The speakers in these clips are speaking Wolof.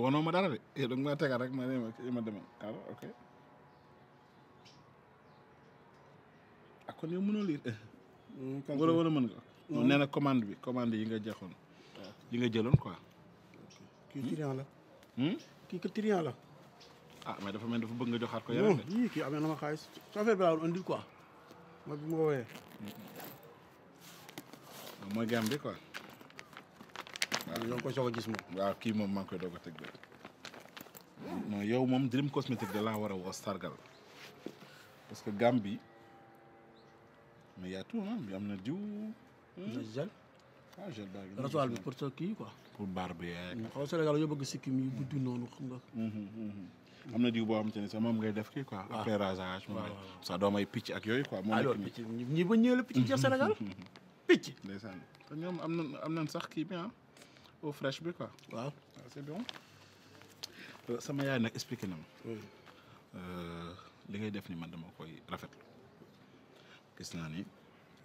wanoo ma dara de yow danga maa tegal rek ma ne ma demal alors ok ah kon yow mënoo lire. wala wala mën nga. moom nee na commande bi commande yi nga joxoon. yi nga jëloon quoi. kii client la. kii que client la. ah mais dafa mel dafa bëgg nga joxaat ko yeneen de. non kii amee na ma xaalis soo fee balaa woon andi quoi. mooy bi ma wooyee. mooy gàm bi quoi. waaw ñoo ngi koy a moom. waaw kii moom maa ngi koy doog a teg de. non yow moom Dream Cosmétique da laa war a woo sargal parce que gamme bi mais y am na diw. am hmm? na gel. ah kii quoi. pour barbe yeeg. Hmm, xaw Sénégal ñoo bëgg sikkim yu gudd noonu xam nga. Hmm, am na diw boo xamante ne sax moom gay def kii quoi. waaw affairage moom ngay sax doom picc ak yooyu quoi. moo nekk nii picc ñi ba ñëwee la picc ci am na am sax kii bi au fraîche waaw waaw ah, c'est euh, sama yaay nag expliqué na ma. Euh, li ngay def ni man dama koy rafetlu gis naa ni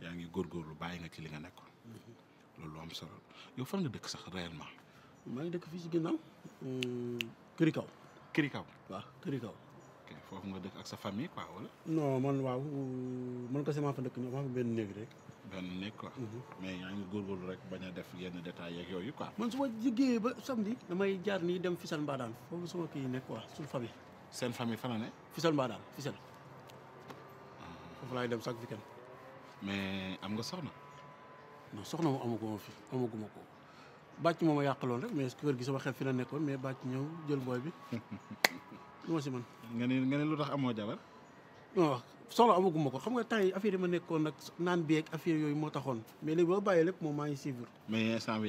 yaa ngi góorgóorlu bàyyi nga ci li nga nekkoon. Mm-hmm. loolu am solo yow fan nga dëkk sax réellement. maa ngi dëkk fii si ginnaaw. Kër Kaw. Kër foofu nga dëkk ak sa famille quoi wala. non man waaw man kese maa fa dëkk maa fa benn néeg rek. benn néeg quoi. Mhm. mais yaa ngi góorgóorlu rek bañ a def yenn détails yeeg yooyu quoi. man su ma liggéeyee ba samedi. damay jaar nii dem Fisal Mbadaan foofu sama kii nekk quoi suñu famille. seen famille fan la ne. Fisal Mbadaan Fisal. Ah. foofu laay dem chaque weekend mais am nga soxna. non soxna moom amaguma fi amaguma ko. bàcc moom a yàqaloon rek mais kër gi sama xel fi la nekkoon mais bàcc ñëw jël booy bi lu ma si mën. nga ne lu tax amoo jabar. non wax soxla amaguma ko xam nga temps yi affaire yi yooyu moo taxoon mais léegi boo bàyyi lépp moom na ko. xam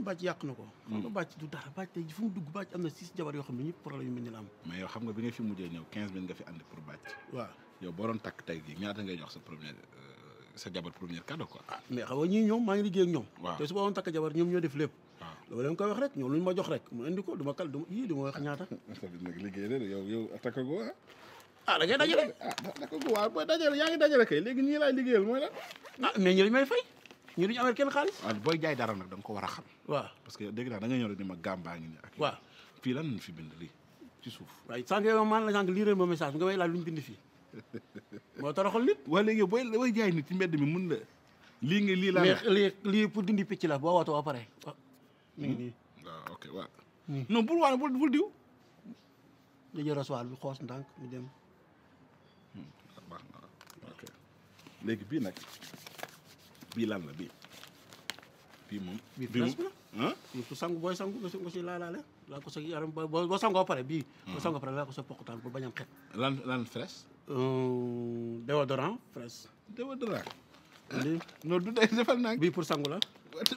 nga mm. bàcc du dara bàcc tey fu dugg bàcc am na six jabar yoo xam ne ñëpp problème yu mel mais yow xam nga bi nga fi mujjee ñëw nga fi andi pour bàcc. waaw boo doon takk tey jii ñaata ngay jox sa première euh, sa jabar première cadeau quoi. ah mais xam nga ñii ñoom maa ngi liggéey ak ñoom. waaw te su ma woon takk jabar ñoom ñoo def lépp. waaw loolu leen koy wax rek ñoom lu ñu ma jox rek mu indi ko du ma kal du ma yii du ma wax ñaata. nag liggéey la yow yow takk ko ah. ah da ngay dajale ah takk ko waaw booy dajale yaa ngi dajale kay léegi ñii laay liggéeyal mooy la. ah mais ñooñu may fay ñu duñu amee kenn xaalis. waaw ah, booy jaay dara nag da nga ko war a xam. waaw parce que dégg naa da nga ñëw rek ni ma gàmbaa ngi nii ak. waaw fii lan lañ fi bind lii ci suuf. waaye sànq yow maa la sànq lii ma message nga may laaj lu ñu bind fii moo toroxal nit. waaye léegi booy booy jaay nit ci mbedd mi mun la. lii nga lii laa la lii lii pour dindi picc la boo wootoo ba pare. Ah, mi ngi nii waaw ah, ok waaw. non bul waane bul bul diw. nga jël rasoir bi xoos ndànk mu dem. Hmm, ah, ok léegi bii nag bii lan la bii. bii moom bii moom ah. bii ku sangu booy sangu nga si nga si laalaale laa ko sa yaram boo boo sangoo pare bii. Hmm. boo sangoo pare laa ko sa poqutaan pour bañ a xet. lan lan fraîche. Euh, déodorant fraise. déodorant. lii loolu du day defal naa. bii pour sangu la.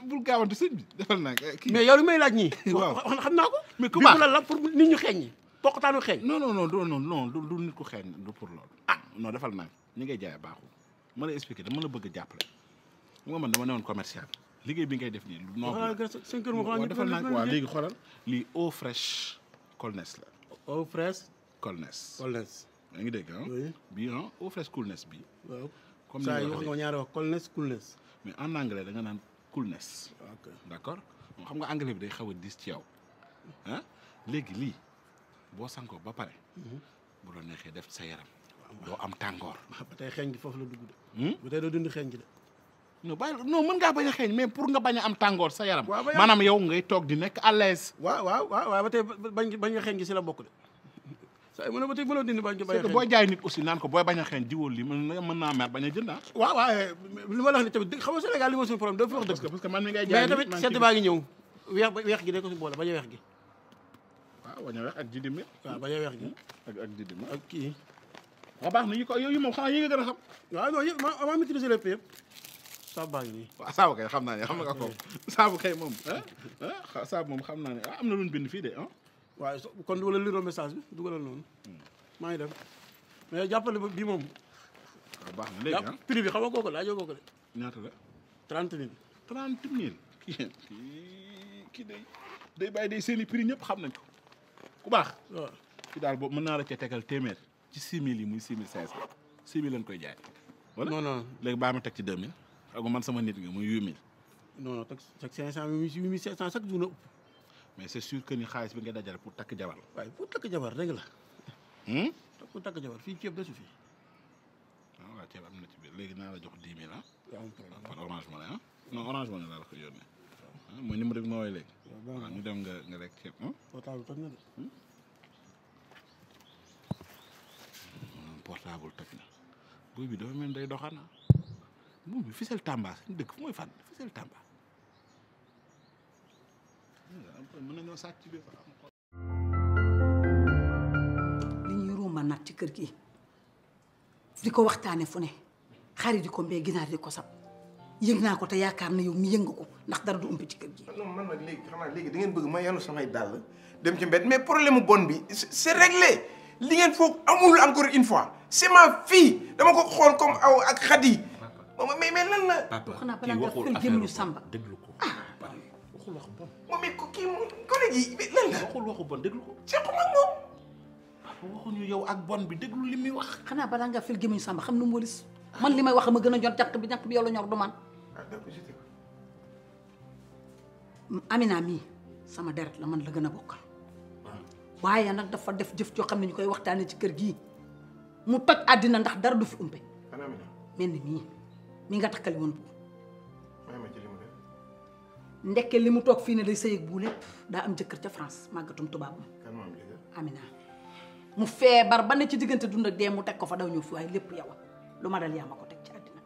bul gaawantu sëñ bi defal naa kii. mais yow li may laaj ñii. waaw xam naa ko. mais comment bii mu la pour nit ñu xeeñ ñi. poqtaanu xeeñ. non non non non non du nit ku xeeñ du pour loolu. ah non defal naa ñi ngay jaay baaxul. ma lay expliqué dama la bëgg a jàppale. mu nga man dama newoon commercial. liggéey bi ngay def nii. non non defal naa waaw léegi xoolal. lii eau fraîche Colnès la. eau fraîche. Colnès Colnès. yaa ngi dégg ah. bii ah au fresh coolness bi. waaw comme ni nga wax ñaari wax coolness coolness. mais en anglais da nga naan coolness. ok d' accord xam nga anglais bi day xaw a diis ci yow ah léegi lii boo sankoo ba pare. Mhm. bu la neexee def sa yaram. doo am tàngoor. ba tey xeeñ gi foofu la dugg de. Hmm? ba tey doo dund xeeñ gi de. non bàyyi non mën ngaa bañ a xeeñ mais pour nga bañ a am tàngoor sa yaram. maanaam yow ngay toog di nekk à l'aise. waaw waaw waaw ba tey bañ bañ nga xeeñ gi si la bokk de. saa mu ne ma tey mënoo dindi bañ ko bañ a xeeñ booy jaay nit aussi naan ko booy bañ a xeeñ jiwóol li mën naa mer bañ a jënd ah waaw waaw li ma la wax ni tamit xam nga Sénégal li ma suñu problème doo fi wax dëgg parce que man mi ngay jaay mais tamit sedd baa ngi ñëw weex weex gi da ko suñu boole bañ a weex gi waaw bañ a weex ak jiddi mi waaw bañ a weex gi ak ak jiddi mi ak kii waaw baax na yi ko yi moom xanaa yi nga gën a xam waaw non yëpp ma maîtriser lépp yëpp saabu baa ngi nii waaw saabu kay xam naa ne xam nga ko saabu kay moom ah, ah, saabu moom xam naa ne ah, am na luñ bind fii de waaye kon wala liroo message bi dugalal noonu hmm. maa ngi dem mais jàppale bi moom. waaw ah, baax na léegi ah bi xam nga kooku laa jógoo ko de. ñaata la. trente mille. trente kii day day bàyyi day seen i prix ñëpp xam nañ ko ku baax. waaw ci daal boobu mën naa la ca tegal téeméer ci six mille yi muy six mille cinq cent six mille lañ koy jaay. wala non non léegi baa ma teg ci deux mille. ak man sama nit nga muy huit mille. non non teg teg cinq cent huit mille cinq cent chaque jour na ëpp. mais c'est sûr que ni xaalis bi nga dajale pour takk jabar waaye pour takk jabar rek la. Hmm? pour takk jabar fii ceeb desu fi. ah waaw ceeb am na ci léegi naa la jox dix mille ah. par orange money ah non orange money laa la ko yónnee. Ah, mooy numéro bi ma woowee léegi. waaw ah, ñu dem nga nga lekk ah. portable toj na de. Hmm? Hmm, portable toj na buubi dafa doxana buubi ficelle Tamba suñu dëkk fu mooy fànn ficelle Tamba. mën nañoo sàcc bi fa am xol li ñuy ruuma nag ci kër gi di ko waxtaane fu ne xarit di ko mbee ginaar di ko sab yëg naa ko te yaakaar na yow mi yëng ko ndax dara du umpi ci kër gi. Ah non man nag léegi xam naa léegi bëgg ma yanu samay dàll dem ci mbedd mais problème bon bi c'est réglé li ngeen foog amul encore une fois c'est ma fii dama ko xool comme aw ak xadi. mais mais lan la. papa xanaa balaa nga kër jëm ñu ah. waxul wax bon. yi lan la waxul waxu bon déglu ko. ceeb moom moom. waxuñu yow ak bon bi déglu li muy wax. xanaa balaa ngaa fil gémmiñ Samba xam nu mu walis man li may wax ma gën a ñor jànq bi jànq bi yow la ñor du man. Ah, Amina mii sama deret la man la gën a bokkal. Ah. waaye nag dafa def jëf joo xam ne ñu koy waxtaanee ci kër gi mu toj àddina ndax dara du fi umpe. mel ni mii mi nga takkali woon boobu. ndekke li mu toog fii ne day sëy ak buule daa am jëkkër ca France màggatum tubaab ma amina mu feebar ba ne ci diggante dund ak mu teg ko fa daw ñëw fi waaye lépp yow lu ma dal yaa ko teg ci àddina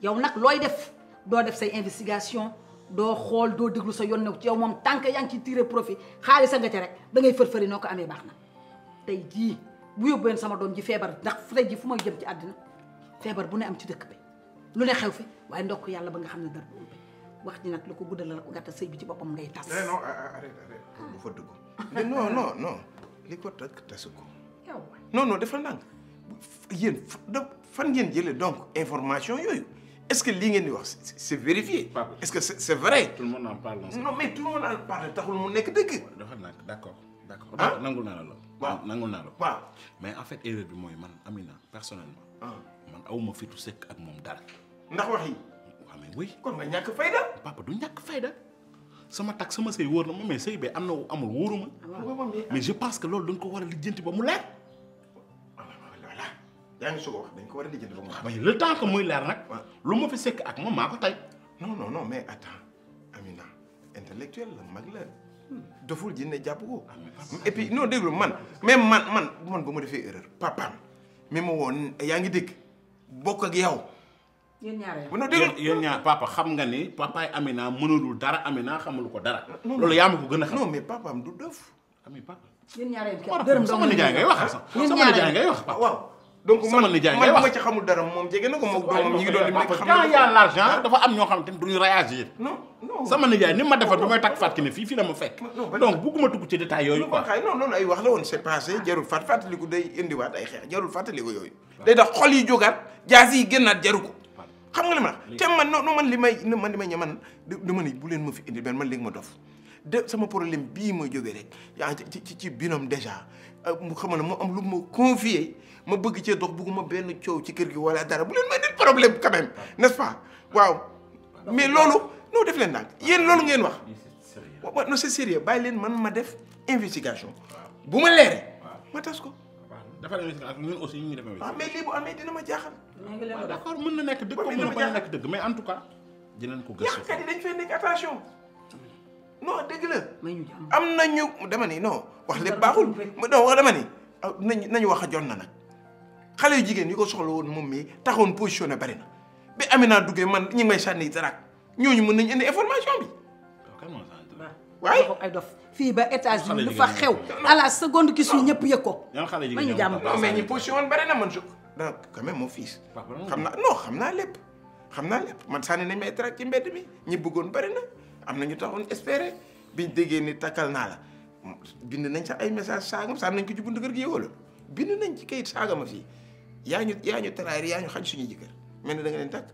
yow nag looy def doo def say investigation doo xool doo déglu sa yoon ci yow moom tànk yaa ngi ciy tiré profit xaalis a nga ca rek da ngay fërfëri noo ko amee baax na tey jii bu yóbbuween sama doom ji feebar ndax fu tey ji fu ma jëm ci àddina feebar bu ne am ci dëkk bi lu xew fi waaye ndokk yàlla ba nga xam ne dara wax ji nag lu ko guddal la ko gàttal sëy bi ci boppam ngay tas. Eh, non arrête arrête ah. bu fa dugg. non non non li ko takk tasu ko. non non dafa ndànk yéen fan ngeen jëlee donc information yooyu est-ce que lii ngeen di wax c'est vérifié. est-ce que c'est vrai. tout le monde en parle. non mais tout le monde en parle taxul mu nekk dëgg. dafa ndànk d'accord d'accord. Ah. nangul naa la lool. waaw nangul naa la ko. waaw mais en fait erreur bi mooy man Amina personnellement. Ah. man awuma fitu sekk ak moom dara. ndax wax yi. oui kon nga ñàkk fayda. papa du ñàkk fayda sama takk sama sëy wóor na ma mais sëy bee am na amul wóoruma. Ah, mais je pense que loolu dañ ko war a lijjanti ba mu leer. voilà yaa ngi soog dañ ko war a lijjanti ba mu leer. Ah, mais le temps que muy leer nag. lu ma sekk ak moom maa ko tey. non non non mais attends na intellectuel la mag la. doful jinne jàpp ko. Ah, et puis non déglu man même man man man ba ma defee erreur papaam mais ma woon yaa ngi dégg bokk ak yow. yéen ñaar yéen mun yéen ñaar papa xam nga ni papaay Amina mënalul dara Amina xamul ko dara. loolu yaa ma xam. non mais papaam du def. ami papa. yéen ñaar yéen kenn sama nijaay ci xamul dara moom jege na ko moom doomam ah. am ñoo xam te duñu réagir non non sama nijaay fii fii la ma fekk donc bugguma dugg ci détail yooyu quoi non loolu ay wax la woon c'est passé jarul fàtt fàttaliku day indiwaat ay xeex jarul fàttaliku yooyu day tax xol yi jógaat jaas yi génnaat jaru ko nga li ma la te man non man li may man li may ña man dama ni bu leen ma fi indi benn man léegi ma dof de sama problème bii ma jógee rek yaa ci ci ci binom déjà euh, mu xamal ne mu am lu ma confié ma bëgg cee dox bëgguma benn coow ci kër gi wala dara bu leen ma nit problème quand même n'est-ce pas waaw mais loolu non def leen daal yéen loolu ngeen wax waaw non c'est sérieux bàyyi leen man ma def investigation bu ma leere ma tas ko dafa demee si aussi ñu ngi demee. waaw ah, mais lii bu amee ma jaaxal. waaw d'accord mën na nekk dëgg ko a nekk dëgg mais en tout cas. ko gëstu yàqkat yi dañ fay nekk attention. non am na ñu dama ni non wax lépp baaxul. non wax dama ni ah, nañu nañu wax a jot na nag. xale yu jigéen yi ko soxla woon moom mii taxoon positionné bari na bi Amina duggee man ñi ngi may sànni daraak ñooñu mën nañu indi information bi. waaw waaye ay dof. fii ba États-Unis lu fa xew à la seconde qui suit ñëpp yëg ko. ma ñu jàmm mais ñi position bare na man su. donc quand même mon xam naa non xam naa lépp. xam naa lépp man sànni nañ may track ci mbedd mi ñi bëggoon bare na am na ñu taxoon espérer biñ déggee ni takkal naa la bind nañ sa ay message saagam sànni nañ ko ci buntu kër gi yow la bind nañ ci kayit saagama fii yaa ñu yaa ñu traire yaa ñu xañ suñu ñu mel ni da nga leen takk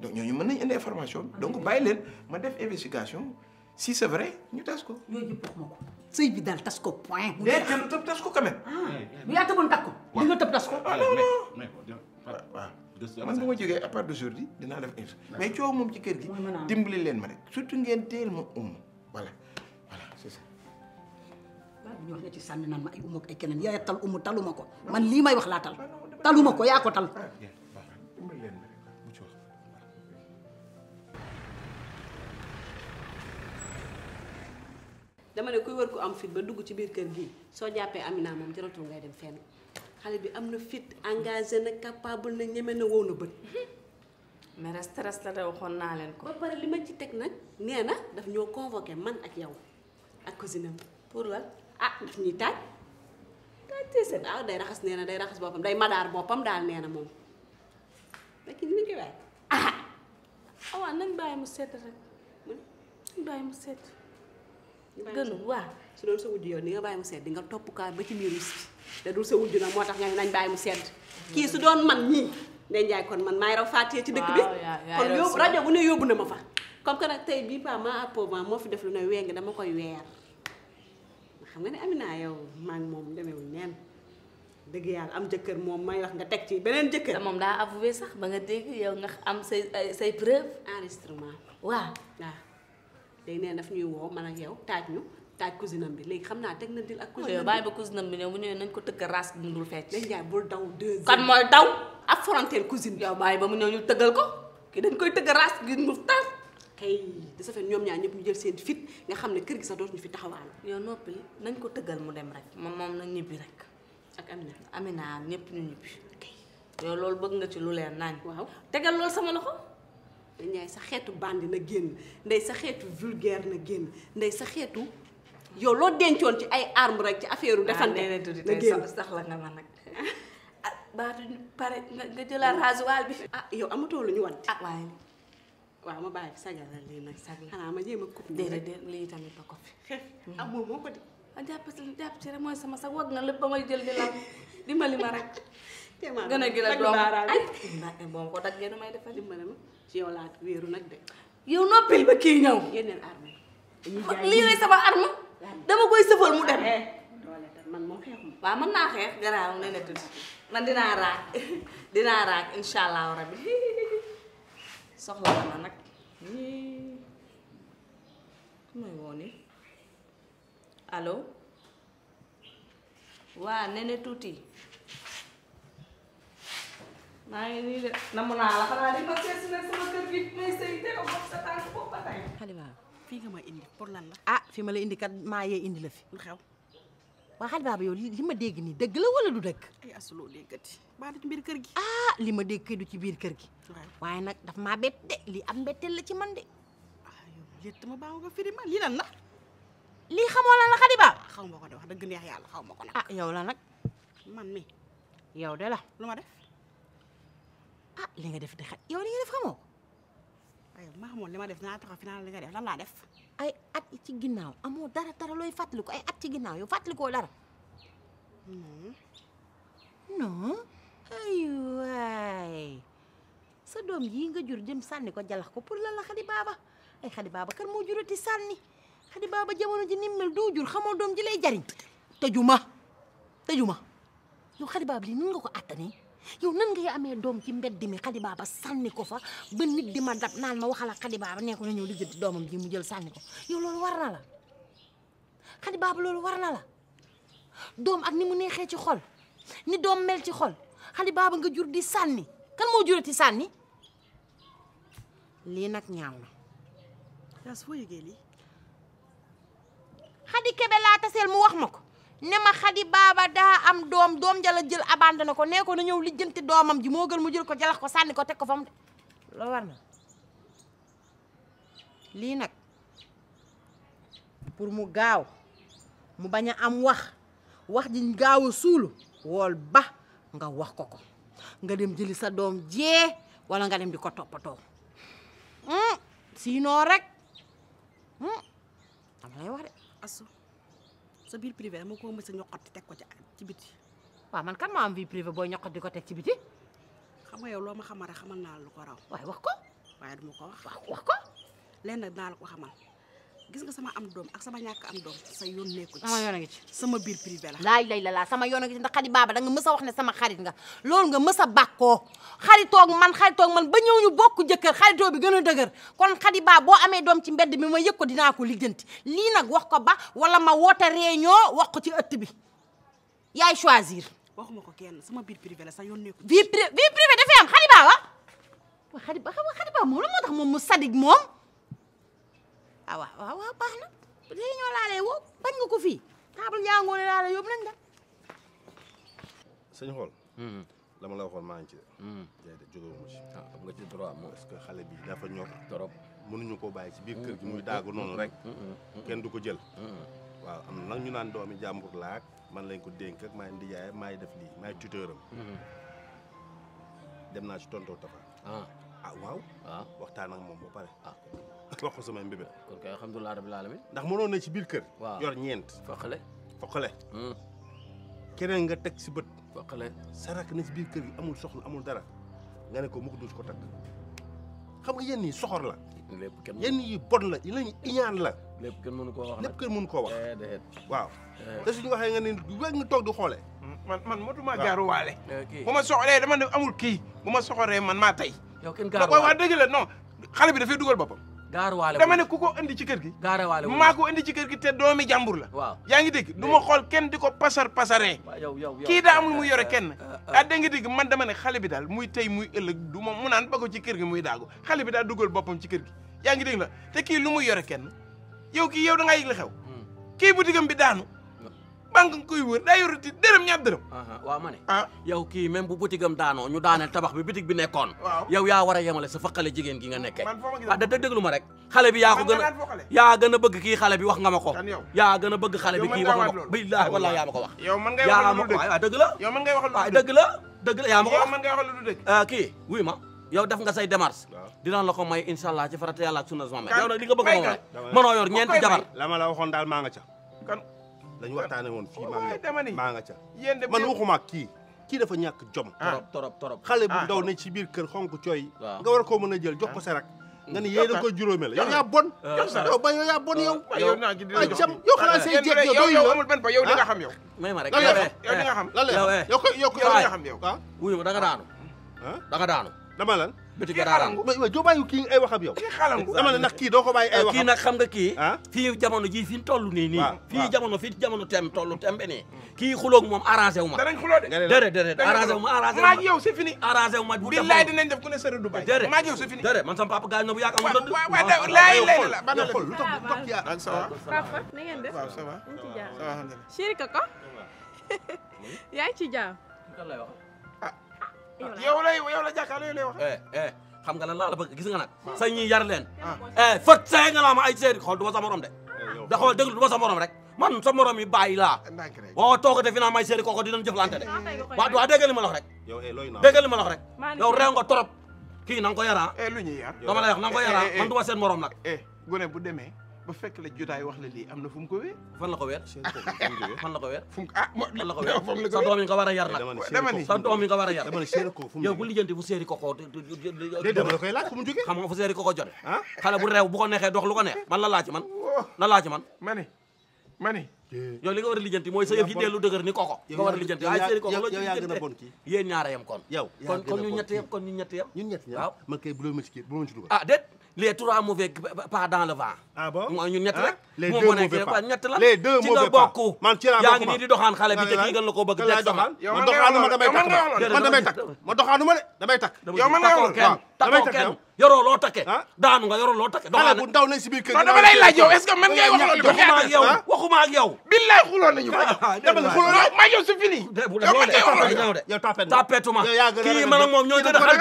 donc ñooñu mën nañ indi information donc bàyyi leen ma def investigation si c'est vrai ñu tas ko. yooyu yëpp waxuma ko tas ko point. bu dee jël tëb tas ko quand même. bu ah, yaa tëboon tas ko. waaw li nga tëb tas ko. ah non non man bu ma jógee à part d'aujourd'hui dinaa def émission. mais coow moom ci kër gi. dimbali leen ma rek surtout ngeen teel ma um voilà voilà c'est ça. waaw ñu ci sànni naan ma ay umu ak ay yaa tal umu taluma ko man lii may wax laa tal ah, taluma ko yaa ko tal. Ah, dimbali leen ma. dama ne kuy wër ku am fit ba dugg ci biir kër gi soo jàppee Amina moom jaratul ngay dem fenn xale bi am na fit engage na capable na ñeme na wow na bët. mais restres la de waxoon naa leen ko. ba pare li ma ci teg nag nee na daf ñoo convoqué man ak yow ak cousine pour la ah daf ñuy taaj taaj tey ah day raxas nee na day raxas boppam day madaar boppam daal nee na moom fekk ni ñu koy waay ah ah nañ bàyyi mu sedd rek nañ bàyyi mu sedd. gënul waaw su doon sa wujj yow ni nga bàyyi mu sedd nga topp kaa ba ci miirus bi te sa wujj na moo tax nga ne nañ bàyyi mu sedd kii su doon man ñii Ndeye Ndiaye kon man maay raw fàttee ci dëkk bi kon rajo bu ne yóbbu na ma fa comme que nag tey bii pa ma appauvement moo fi def lu ne weng dama koy weer xam nga ne Amina yow maa moom demewuñ neen dëgg yàlla am jëkkër moom may wax nga teg ci beneen jëkkër. moom daa avoué sax ba nga dégg yow nga am say say preuve enregistrement waaw léegi nee daf ñuy woo man ak yow taaj ñu taaj cousine bi léegi xam naa teg na dil ak cousine bi ba cousine am ne bu ñëwee nañ ko tëgg raas tëggal ko kii dañ koy gi mu tal kay de ce fait ñoom ñaar ñëpp ñu jël seen fit nga xam ne kër gi sax dootuñu fi taxawaan yow noppi nañ ko tëggal mu dem rek moom moom nañ ñibbi rek ak Amina Amina ñëpp ñu ñibbi yow loolu bëgg nga ci lu leer naañ waaw tegal loolu sama loxo dañ ñaay sa xeetu bandi na génn ndey sa xeetu vulgaire na génn ndey sa xeetu yow loo dencoon ci ay arme rek ci affaire u ah, defante na génn sax la nga ma nag ah baatu pare nga jëlaat mm. rasoir bi ah amatoo lu ñu wat ah waaw ma bàyyi sagal la lii nag sagal xanaa ma jéem a coupe ba ko mm. ko di a ah, jàpp si jàpp sama sax wag lépp ba may jël di la dimbali ma rek gën a gën a doom ay boo ma ko daggee nu may defal dimbali ma ci yow laa wéeru nag de. yow noppil ba kii ñëw. lii lay sama arme. dama koy sëfal mu dem. Eh, doole man naa xeex garaaw na ne tudd man dinaa raak dinaa raak incha allahu soxla na nag. ku may wooni allo. waa Néné Tuuti. maa ngi nii de namm naa la xanaa di ma seet si nag sama fii nga ma indi pour lan la. a ah, fi ma la indi kat maa yee indi la fi. lu xew waa Xalifa ba yow li ma dégg nii dëgg la wala du dëgg. ay asuloo kër gi. Ah, li ma dégg ci biir kër gi. waaye nag daf am mbetteel la ci man de. ah ma nga firi ma lii lan ah, xaw ma ko de wax yàlla xaw ko nag. ah yow la nag. man mi yow de la lu ma def. ah li nga def de xaj yow li def xamoo ma xamoon li def naa taxaw fi naa li def lan laa def ay at ci ginnaaw amoo dara dara looy fàttaliku ay at ci ginnaaw yow fàttalikoo dara non hmm. non ay waay sa doom yii nga jur jëm sànni ko jalax ko pour lan la xadi baaba ay xadi baaba kan moo jurati baaba jamono ji ni mel doo jur xamoo doom ji lay jariñ tëju ma tëju ma yow xadi baaba lii nun nga ko attani yow nan ngay amee doom ci mbedd mi xadi baaba sànni ko fa ba nit di ma dab naan ma waxala xadi baaba nee ko na ñëw lijjanti doomam ji mu jël sànni ko yow loolu war na la xadi baaba loolu war na la doom ak ni mu neexee ci xol ni doom mel ci xol xadi baaba nga jur di sànni kan moo jurati sànni lii nag ñaaw na yaas foo yëgee kebe laa taseel mu wax ma ko ne ma xadi baaba daa am doom doom jala jël abandonné ko nekkoon a na ñëw lijjanti doomam ji moo gën mu jël ko jala ko sànni ko te ko fa de loolu war na lii nag pour mu gaaw mu bañ a am wax wax ji gaaw a suulu wool ba nga wax ko ko nga dem jëli sa doom jee walla nga dem di ko toppatoo hmm, sinon rek hmm, dama lay wax sa biir privé dama ko mës a ti teg ko ci ci biti. waaw man kan ma am vie booy ñoqat di ko teg ci biti. xam nga yow loo ma xamal rek xamal naa la lu ko raw. waaye wax ko. waaye duma ko wax. wax ko. lenn nag naa la ko xamal. gis nga sama am doom ak sama ñàkk am doom sa yoon nekku ci sama yoon a ngi ci sama biir privé la laaj lay la laa sama yoon a ngi ci ndax xadi baaba da nga mës a wax ne sama xarit nga loolu nga mës a bàkkoo xaritoog man xaritoog man ba ñëw ñu bokk jëkkër xaritoo bi gën a dëgër kon xadi baaba boo amee doom ci mbedd mi ma yëg ko dinaa ko lijjanti lii nag wax ko ba wala ma woote réunion wax ko ci ëtt bi yaay choisir waxuma ko kenn sama biir privé la sa yoon nekku vie privé vie privé dafay am xadi baaba wa xadi ba xadi baaba moom la moo tax moom mu sadik moom ah waaw waaw waaw baax na réunion laa lay woo bañ nga ko fii table jàngoo ne laa lay yóbbu nañ la. sëñ xool. Hmm. la la waxoon maa ngi ci de. Hmm. de jóge wu ma ci. ah ce que xale bi dafa ñor trop. mënuñu koo bàyyi ci biir kër gi muy hmm. daagu noonu rek. kenn du ko jël. waaw am na nag ñu naan doomi jàmbur laak man lañ ko dénk ak maay ndijaay maay def lii maay tuteur dem naa ci tontoo Tafa. Ah. ah waaw. Ah. waxtaan ak moom ba pare. ah wax ko sama mbébét. kon kay alhamdulilah ndax mënoon na ci biir kër. waaw yor ñeent. foqale foqale. Hmm. keneen nga teg si bët. foqale sarak na si biir kër amul soxla amul dara nga ne ko mu ko du ko takk xam nga yenn yi soxor la. lépp kenn yenn yi bon la yenn yi iñaan la. lépp kenn mënu koo wax lépp kenn mënu koo wax. Eh, waaw. Eh. te suñu waxee nga ne wéy nga toog di xoolee. Hmm, man man motuma gaaruwaale. Eh, kii ma soxoree dama ne amul kii bu ma soxoree man maa tey. yow kenn gaaru waaw la non xale bi dafay dugal boppam gaaruwaale dama ne ku ko indi ci kër gi gaaruwaale maa ko indi ci kër gi te doomi jàmbur la waaw yaa ngi dégg du ma xool kenn di ko pasar pasaree yow yow kii daa amul mu yore kenn euh, euh, ah euh. da nga man dama ne xale bi daal muy tey muy ëllëg du ma mu naan ba ko ci kër gi muy daago xale bi daal dugal boppam ci kër gi yaa la te kii lu muy yore kenn yow kii yow da ngaa yëg xew hmm. kii bu diggam bi daanu banque nga koy wër daa yorati dërëm ñaar dërëm waaw ah. bi bi nekkoon yow yaa war a yemale sa faqale jigéen gi nga nekkee ah da ma rek bi yaa ko yaa gën a kii xale bi wax nga ma ko yaa gën a bëgg xale bi kii wax nga ma ko ma ko wax ma ko waaw la waaw ma ko wax ah, ma yow def nga say démarche dinaa la ko may incha allah ci farata yàlla ak sunna sama yow nag li nga bëgg moom rek mënoo ñeenti jabar la ma la daal maa nga ca lañu waxtaane woon fii maa ngi maa nga ca man waxuma kii kii dafa ñàkk jom ah. torop torop torop xale bu ah. ndaw ne ci biir kër xonk cooy nga war koo mën a jël jox ko ah. sa rak mm. nga ni yéen a koy juróomee la yow yaa bon yow ba yow yaa bon yow ay jam yow xanaa say jeeg yow doyul yow amul benn ba yow li nga xam yow may ma rek yow li nga xam lan la yow yow eh. yow li nga xam yow wuyu ma da nga daanu da nga daanu dama lan bëti garaarangu waaw joo bàyyi kii ay waxam yow kii xalangu dama ne nag kii doo ko bàyyi ay waxam kii nag xam nga kii ah? fii jamono jii fi toll nii nii fii jamono fii jamono tem toll tembe nii kii xuloog moom arrangé wu ma danañ xuloo de déedéet déedéet arrangé wu ma arrangé maa ngi yow c'est fini arrangé wu ma billaay dinañ def ku ne sëriñ du bàyyi déedéet maa ngi yow c'est fini déedéet man sama papa gaañ na bu yàgg amul dëdd waaw laay lay la bana xol lu tax tok yaa ak ça va papa na ngeen def waaw ça va ça va chéri koko yaa ngi ci jàmm yow lay yow la jàkkaarloo yow lay wax. Eh, eh, xam nga lan laa la bëgg gis nga nag. sa ñi yar leen. Ah. Eh, fët see nga laa ma ay seeri xool du ma sa morom de. da xool déglu du ma sa morom rek man sa morom yi bàyyi laa. boo toogatee fi naa may seeri kooku dinañ jëflante de. waaw waaw dégg li ma la wax rek. yow dégg li ma la wax rek. yow réew nga torop kii na nga ko yar ah. dama lay wax na nga ko ah. man du ma seen morom nag. bu demee. ba fekk la jotaay wax la lii am na fu mu ko wéer. fan la ko weer. fan la ko weer. fan la ko weer ah, sa doom nga war a yar nag. sa doom nga war a yar. dama ni séeri fu mu yow koko. déedéet dama la koy laaj fu mu jógee. xam nga fu séeri koko jote. Ah? xale bu reew bu ko neexee dox lu ko neex. man la laaj man na oh. laaj man. ma ni ma li nga war a mooy sa yëf yi dellu dëgër ni koko nga war a lijjanti koko loolu yow yaa gën a bon kii yéen ñaara yam kon yow kon kon ñu les trois mauvais pas dans le vent. ah bon mooy ñun ñett rek. nii di doxaan xale bi kii nga la ko bëgg a doxaan. yoroo loo takke. daanu nga yoroo loo takke. xale bu ndaw nañ si lay yow est-ce man ngay wax loolu. waxuma ak yow waxuma ak yow. billaay xuloon nañu ma. Ah, ah, dama la xuloon ma yow su yow kii man moom ñooy doxal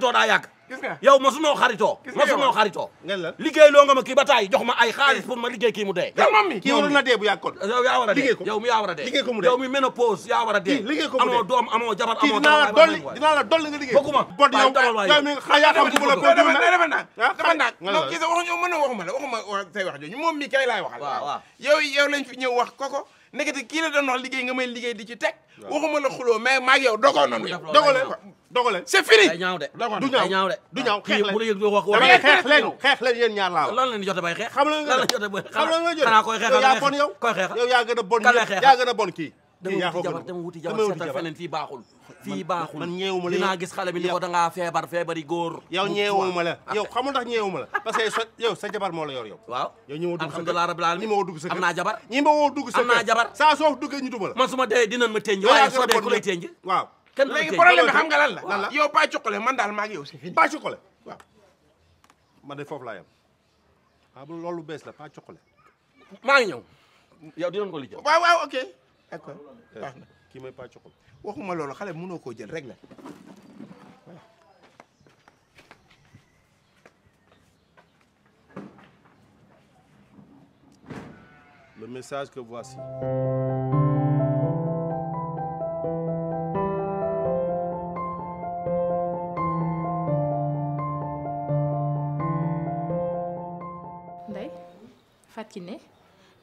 toog daa yàgg gis nga yow mosunoo xaritoo mosunoo xaritoo liggéey loo nga ma kii ba taay jox ma ay xaalis pour ma liggéey kii mu dee yow moom mi kii waroon na dee bu yàgg kon yow yaa war a dee yow mi yaa war a dee yow mi ménopause yaa war a dee amoo doom amoo jabar amoo dinaa la dolli dinaa la dolli nga liggéey bokkuma bon yow yow mi yaa xam ku la dama dama naag dama naag non kii sax waxuñu mën a waxuma la waxuma say wax jooju moom mi kay laay waxal waaw yow yow lañ fi ñëw wax koko nekkati kii la doon wax liggéey nga may liggéey di ci teg. waxuma la xuloo du ñaaw la ñu jotee bay xeex. la ñu xanaa koy yow yaa bon yow. koy xeex yow yaa a bon yaa gën a bon kii. fii baaxul man ñeewuma la dinaa gis xale bi ni ko dangaa feebar feebari góor yow ñeewuma la parce que yow sa jabar moo la yor yow waaw yow ñi ma dugg alhamdulilah rabbil alamin ñi ma woo dugg sa kër am naa jabar ñi ma woo dugg sa kër am naa jabar saa soo duggee ñu duma la man su ma dee dinañ ma ténj waaye soo dee ku lay ténj waaw kenn léegi problème bi xam nga la lan la yow man daal maa ngi yow si fini pas chocolat waaw ok kii mooy lool ko waxuma loolu xale koo jël rek le message que voici.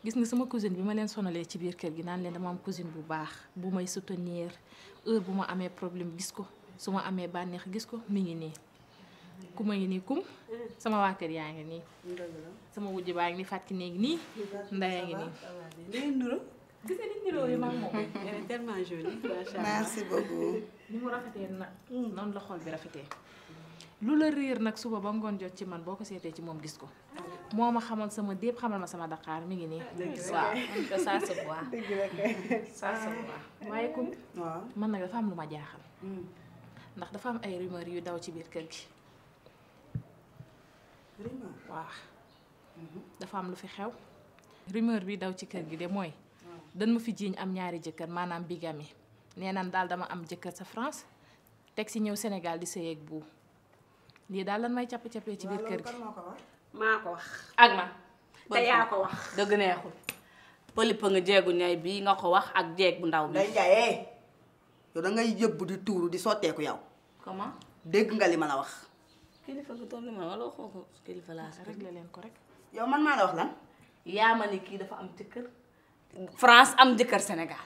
gis nga sama cousine bi ma leen sonalee ci biir kër gi naan leen dama am cousine bu baax bu may soutenir heure bu ma amee problème gis ko su ma amee bànneex gis ko mi ngi nii ku ma ngi nii kum sama waa kër yaa ngi nii sama wujj baa ngi nii fàtki néegi nii ndaya ngi nii gis nga na mm. noonu la xol bi rafetee lu la réer nag suba ba ngoon jot ci man boo ko seetee ci moom gis ko moo ma xamoon sama dépp xamal ma sama daqaar mi ngi nii. waaw te saa su baax. dëgg la kay saa su waaye kum. waaw ah. nag dafa am lu ma jaaxal. Hmm. ndax dafa am ay rumeur yu daw ci biir kër gi. rumeur hmm. am lu fi xew. rumeur bi daw ci kër gi de mooy. Hmm. dan ma fi jiiñ am ñaari jëkkër maanaam bigamie nee naan daal dama am jëkkër sa France teg ci ñëw senegal di sëyeeg bu lii daal lan may capp cappee ci biir kër gi. maa ko wax. ak man te yaa ko wax. dëgg neexul pëli nga jeegu ñay bii nga ko wax ak jeeg bu ndaw bi. day njaayee eh! yow da ngay yëbb di tuuru di sotteeku yow. comment dégg nga li ma la wax. kilifa gu laa rek la leen ko rek. yow man maa la wax lan. yaa ma ne kii dafa am jëkkër. France am jëkkër Sénégal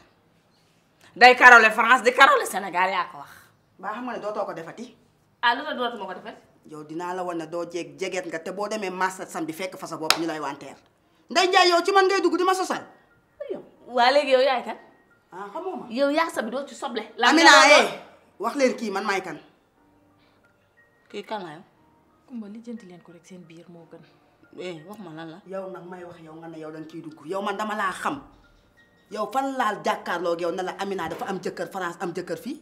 day karole France di karole Sénégal yaa ko wax. baa xam nga ne dootoo ko defati. ah lu tax dootuma ko defati. yow dinaa la wan ne doo jeeg jegeet nga te boo demee massa samedi fekk fa sa bopp ñu lay wanteer nday njaay yow ci man ngay dugg di ma sosal waa léegi yow yaay kan ah xamoo yow yaa bi doo ci soble Amina ee eh, wax leen kii man maay kii kan la yow leen ko seen biir moo gën eh wax ma lan la yow nag may wax yow nga ne yow danga ciy dugg yow man dama laa xam yow fan laal jàkkaarloo yow na la Amina dafa am jëkkër France am jëkkër fii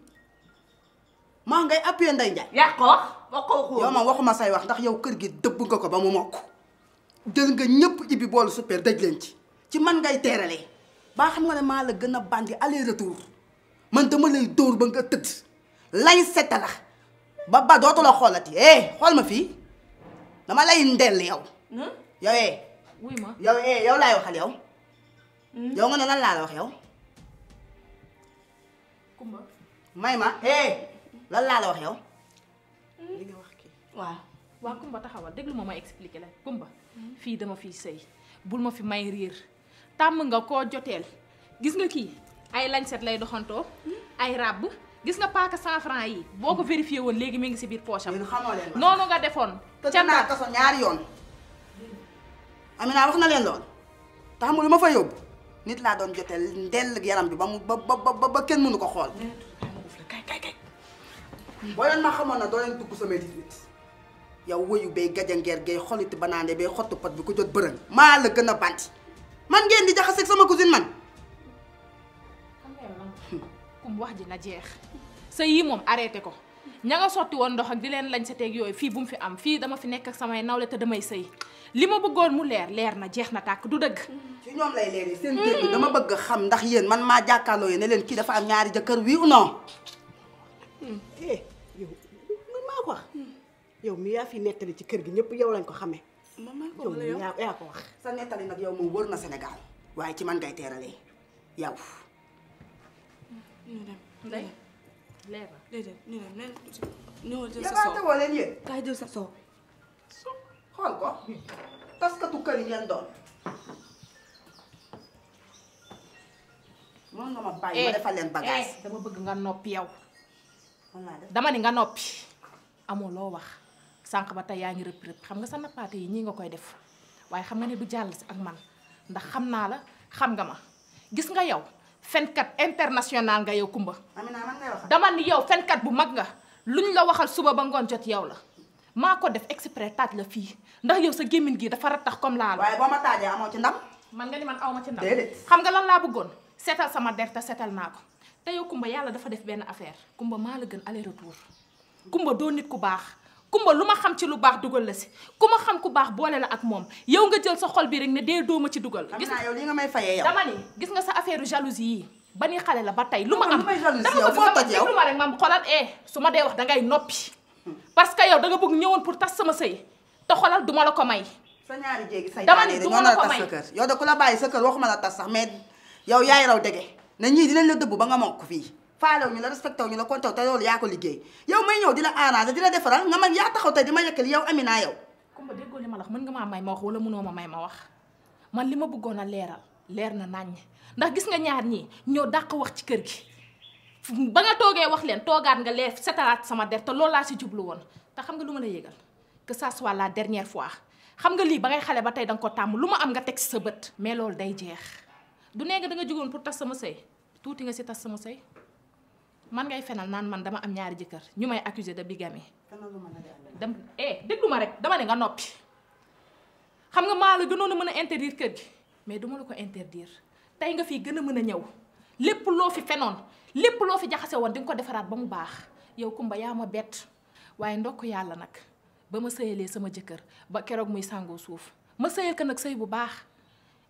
maa ngay appuyé Ndeye Ndiaye. yaa ko ma waxuma say wax ndax yow kër gi dëbb nga ko ba mu mokk jël nga ñëpp ibi boolu super daj leen ci ci man ngay teerale baa xam nga ne maa la gën a bandi aller retour man dama lay dóor ba nga tëdd lay setta la ba ba dootu la xoolati eh, xool ma fii dama lay ndell yow. Hmm? yow eh. wuy ma yow eh, laay waxal yow. Hmm? yow nga ne lan laa la wax yow. may ma eh, lan laa la wax yow. Hmm? li wax waaw. waa Kumba taxawal déglu ma ma expliqué la Kumba. fii dama fi sëy bul ma fi may riir tàmm nga koo joteel gis nga kii ay lañset lay doxantoo hmm? ay ràbb gis nga paaka cent franc yi boo ko vérifié woon léegi mi ngi si biir poche am. noonu nga defoon. ca naa kaso ñaari yoon. Amina wax na leen lool te xam lu ma fa yóbbu nit laa doon joteel ndell yaram bi ba mu ba ba kenn mënu ko xool. boo leen ma xamoon na doo leen dugg sama nit yow wëyu bay gajangeer gay xolit banaane bay xotti pot bi ko jot bërëng maa la gën a banti man ngeen di jaxaseeg sama cousine man kum wax ji na jeex sa yii moom arrêté ko ña sotti woon ndox ak di leen lañ sa teeg yooyu fii bu mu fi am fii dama fi nekk ak samay nawle te damay sëy li ma bëggoon mu leer leer na jeex na tàkk du dëgg ci ñoom lay leer yi seen dégg dama bëgg xam ndax yéen man maa jàkkaarloo yéen ne leen kii dafa am ñaari jëkkër wii ou yow mi yaa fi nettali ci kër gi ñëpp yow lañ ko xamee. man ko wala yow moom wër na Sénégal waaye ci man ngay teeralee yow. ñu dem Ndeye. leer leen yéen. kaay jël kër yi ngeen doon. mën nga ma bàyyi ma eh, defal leen bagage. Eh, dama bëgg nga noppi yow. dama ni nga noppi amoo loo wax. sanq ba tey yaa ngi rëpp rëpp xam nga sa nappaate yi ñii nga koy def waaye xam nga ne du jàll si ak man ndax xam naa la xam nga ma gis nga yow fenkat international nga yow Kumba. Amina man ngay wax ni yow fenkat bu mag nga luñ la waxal suba ba ngoon jot yow la maa ko def exprès taaj la fii ndax yow sa gémmiñ gi dafa rattax comme laa waaye boo ma taajee amoo ci ndam. man nga man aw ma ci ndam xam nga lan laa bëggoon seetal sama der te seetal naa ko te yow Kumba yàlla dafa def benn affaire Kumba maa la gën aller retour Kumba doo nit ku baax. kumba lu ma xam ci lu baax dugal la si ku ma xam ku baax boole la ak moom yow nga jël sa xol bi rek ne dee dooma ci dugal. gis naa yow li nga may fayee yow. dama nga sa affaire jalousie yi ba ni xale la ba tey lu ma xam dama bëgg lu ma rek maam xolal eh, su ma dee wax dangay noppi parce que yow da nga bëgg ñëwoon pour tas sama sëy te xolal duma la ko may. sa ñaari jéegi say daane de ñoo nar a tas sa kër yow de ku la bàyyi sa kër waxuma la tas sax mais yow yaay raw dege na ñii dinañ la dëbb ba nga mokk fii faalo ñu la respecté wu ñu la konté te loolu yaa ko liggéey yow may ñëw di la arrangé di la defaral nga man yaa taxaw tey di ma yëkkal yow Amina yow. Kumba déggoo li ma la wax mën nga maa may ma wax wala mënoo ma may ma wax man li ma bëggoon a leeral leer na naññ ndax gis nga ñaar ñii ñoo dàq wax ci kër gi ba nga toogee wax leen toogaat nga leer setalaat sama der te lool laa si jublu woon te xam nga lu ma la yégal que ça soit la dernière fois xam nga lii ba ngay xale ba tey danga ko tàmm lu ma am nga teg sa bët mais loolu day jeex du nee nga da nga jugoon pour tas sama sëy tuuti nga si tas sama sëy man ngay fenal naan man dama am ñaari jëkkër ñu may accusé de bigamie. dem eh déglu ma rek dama ne nga noppi. xam nga maa la gënoon a mën a interdire kër gi mais duma la ko interdire tey nga fii gën a mën a ñëw lépp loo fi fenoon lépp loo fi jaxase woon di nga ko defaraat ba mu baax yow Kumba yaa ma bett waaye ndokk yàlla nag ba ma sëyalee sama jëkkër ba keroog muy sàngoo suuf ma sëyal ko nag sëy bu baax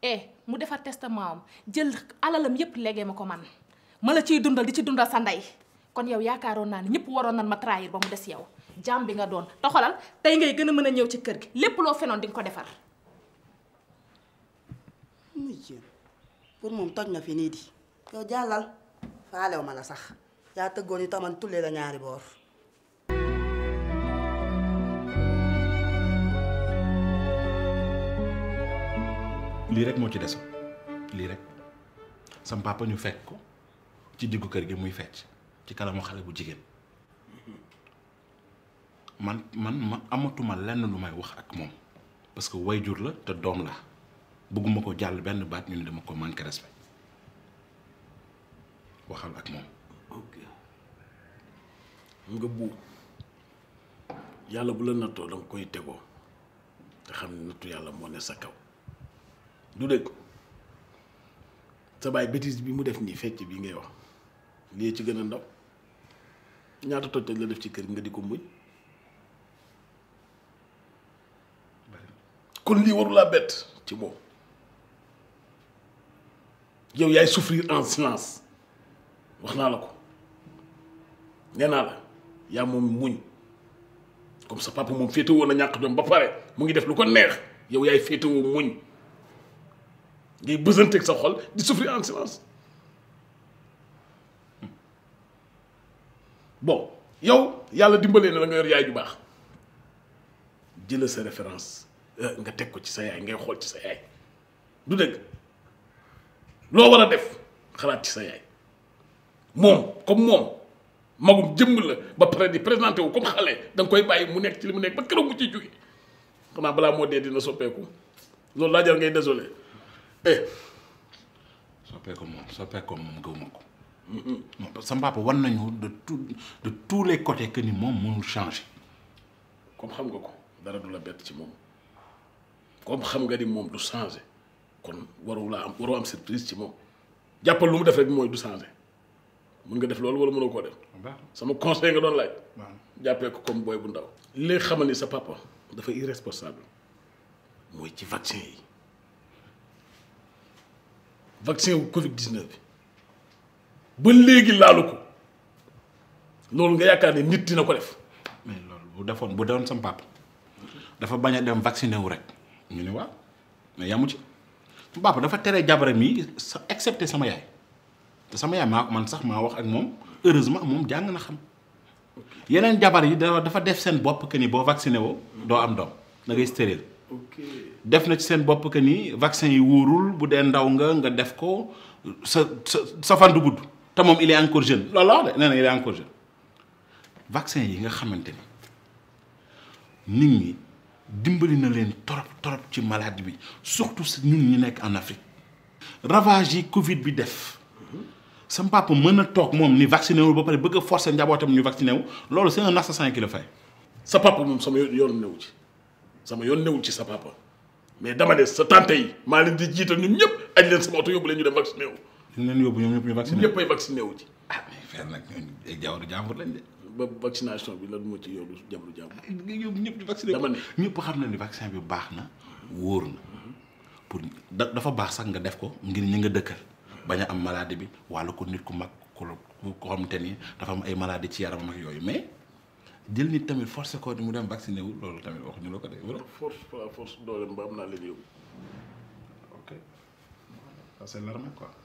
eh mu defar testament am jël alalam yépp legee ma ko man ma la ciy dundal di ci dundal sa ndey kon yow yaakaaroon naa ne ñëpp waroon nan ma trahir ba mu des yow jàmm bi nga doon toxalal tey ngay gën a mën a ñëw ci kër gi lépp loo fenoon di nga ko defar. muy jéem pour moom toj na fi nii di yow jàllal faalew ma la sax yaa tëggoon yi taman tullee la ñaari boor. lii rek moo ci des lii rek sam ñu fekk ko. ci diggu kër gi muy fecc ci kanamu xale bu jigéen man man ma amatuma lenn lu may wax ak moom parce que jur la te doom la bëgguma ko jàll benn baat ñu ne dama ko manqué respect waxal ak moom. ok nga bu yàlla bu la nattoo danga koy tegoo te xam ne nattu yàlla moo ne sa kaw du dëgg sa baay bêtise bi mu def nii fecc bi ngay wax. lii ci gën a ndaw ñaata toj toj la def ci kër nga di ko muñ kon lii warulaa bett ci moom yow yaay souffrir en silence wax naa la ko nee naa la yaa moom muñ comme sa papa moom féetewoo na ñàkk doom ba pare mu ngi def lu ko neex yow yaay féetewoo muñ ngay bësanteeg sa xol di souffrir en silence bon yow yàlla dimbalee na la nga yor yaay ju baax jëla sa référence euh, nga teg ko ci sa yaay ngay xool ci sa yaay du dëgg loo war a def xalaat ci sa yaay moom comme moom magum jëmm la ba pare di présenté wu comme xale da nga koy bàyyi mu nekk ci li mu nekk ba keroog mu ciy jóge xanaa balaa moo dee dina soppeeku loolu laa jar ngay désolé eh. soppeeku moom soppeeku moom gëw ma sama papa war nañu de tout de tous les côté que ni moom mënul changer. comme xam nga ko dara du la bett ci moom comme xam nga ni moom du changer kon waru laa am waroo am surprise ci moom jàppal lu mu def rek mooy du changer mun nga def loolu wala mënoo koo def. Ah sama conseil nga doon laaj. jàppee ko comme booy bu ndaw. li lay xamal ni sa papa dafa irresponsable mooy ci vaccin yi vaccin wu Covid 19 bi. ba léegi laalu ko loolu nga yaakaar ne nit dina ko def. mais loolu bu defoon bu doon sam papa dafa bañ a dem vacciné wu rek ñu ne waaw mais yamu ci sama dafa tere jabaram yi sa excepté sama yaay sama yaay man sax maa wax ak moom heureusement moom jàng na xam yeneen jabar yi dafa def seen bopp que ni boo vacciné woo doo am doom da def na ci seen bopp que ni vaccin yi wóorul bu dee ndaw nga nga def ko sa sa sa fan gudd. te moom il est encore jeune loolu la wax de nee il encore jeune vaccin yi nga xamante ni nit ñi dimbali na leen torop torop ci maladie bi surtout si ñun ñu nekk en Afrique ravage yi Covid bi def sam papa mën a toog moom ni vacciné wul ba pare bëgg a forcer njabootam ñu vacciné wu loolu c'est a assassin qui le fait. sa papa moom sama yoon newu ci sama yoon newu ci sa papa mais dama ne sa tante yi maa leen di jiital ñun ñëpp añ leen sama oto yóbbu leen ñu dem vacciné wu. ñu leen yóbbu ñoom ñëpp ñu vacciné ñëpp ay vacciné wu ci. ah mais fenn nag ñoom ay jawru jàmbur lañ de. ba vaccination bi la moo ci yow jabru jàmbur. Ah, ñoom ñëpp di vacciné dama ne ñëpp xam na ni vaccin bi baax na wóor na pour da dafa baax sax nga def ko ngir ñi nga dëkkal bañ a am maladie bi wala ko nit ku mag ku ko xam te ni dafa am ay maladie ci yaram ak yooyu mais jël nit tamit force ko di mu dem vacciné wu loolu tamit waxuñu la ko de wala. force par force doole ba am naa leen yow. ok